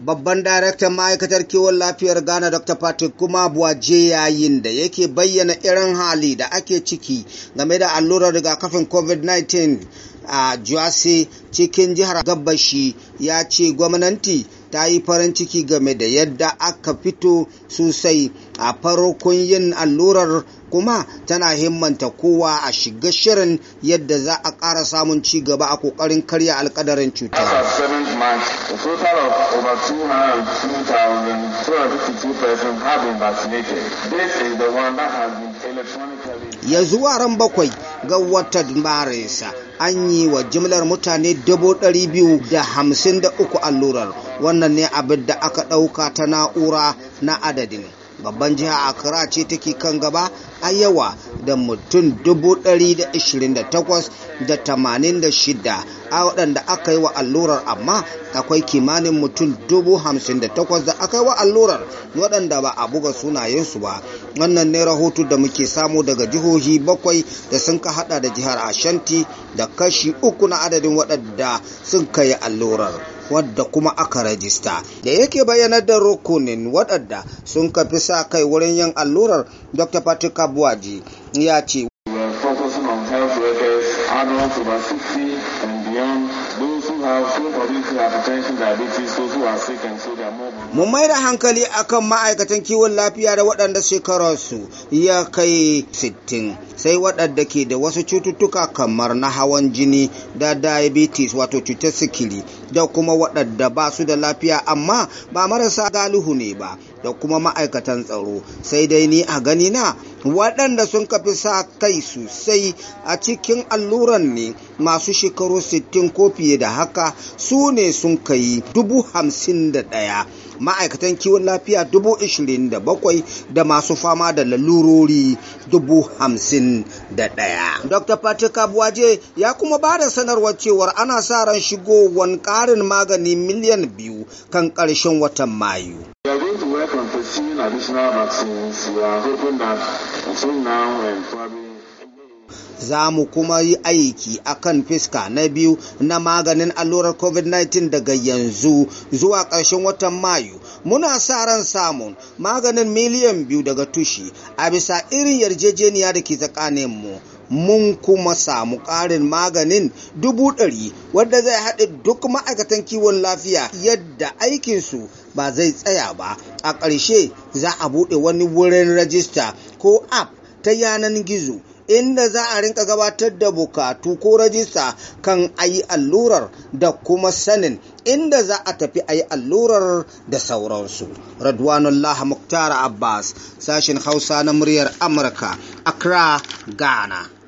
babban daraktan ma'aikatar kiwon lafiyar ghana dr patrick kuma buwaje yayin da yake bayyana irin hali da ake ciki game da allurar rigakafin covid-19 a juwase cikin jihar gabashi ya ce gwamnati ta yi farin ciki game da yadda aka fito sosai a farkon yin allurar kuma tana himmanta kowa a shiga shirin yadda za a ƙara samun ci gaba a ƙoƙarin karya alƙadarin cuta. Ya zuwa ran bakwai ga watan Marisa an yi wa jimlar mutane dubu ɗari biyu da hamsin da uku allurar wannan ne abin da aka ɗauka ta na'ura na adadin. babban jiha accra ce take kan gaba a yawa da mutum 128,086 a waɗanda aka yi wa allurar amma akwai kimanin mutum 58,000 da aka yi wa allurar waɗanda ba a buga sunayensu ba wannan ne rahoto da muke samu daga jihohi bakwai da sun ka hada da jihar ashanti da kashi uku na adadin waɗanda sun kai allurar wadda kuma aka rajista da yake bayanar da rukunin waɗanda sun kafi sa kai wurin yin allurar dr patrick abuwaji ya ce adults Mun mai da hankali akan ma'aikatan kiwon lafiya da waɗanda shekararsu ya kai 60. sai waɗanda ke da wasu cututtuka kamar na hawan jini da diabetes wato cutar sikili da kuma waɗanda ba su da lafiya amma ba marasa galihu ne ba da kuma ma'aikatan tsaro sai dai ni a gani na waɗanda sun kafi sa kai sosai a cikin alluran ne masu shekaru 60 ko fiye da haka su ne sun kai dubu hamsin da ɗaya ma'aikatan kiwon lafiya dubu ishirin da bakwai da masu fama da lalurori dubu hamsin da ɗaya. Dr. Patrick Abuwaje ya kuma ba da sanarwar cewar ana sa ran shigowan ƙarin magani miliyan biyu kan ƙarshen watan Mayu. We are za mu kuma yi aiki a kan fiska na biyu na maganin allurar covid-19 daga yanzu zuwa ƙarshen watan mayu muna sa ran samun maganin miliyan biyu daga tushe a bisa irin yarjejeniya da ke tsakanin mu mun kuma samu ƙarin maganin dubu ɗari wadda zai haɗe duk ma'aikatan kiwon lafiya yadda aikinsu ba zai tsaya ba a ƙarshe za a buɗe wani wurin rajista ko app ta yanan gizo inda za a rinka gabatar da bukatu ko rajista kan ayi allurar da kuma sanin inda za a tafi ayi allurar da sauransu. Radwanullah Muktar Abbas, sashin Hausa na muryar Amurka, Accra, Ghana.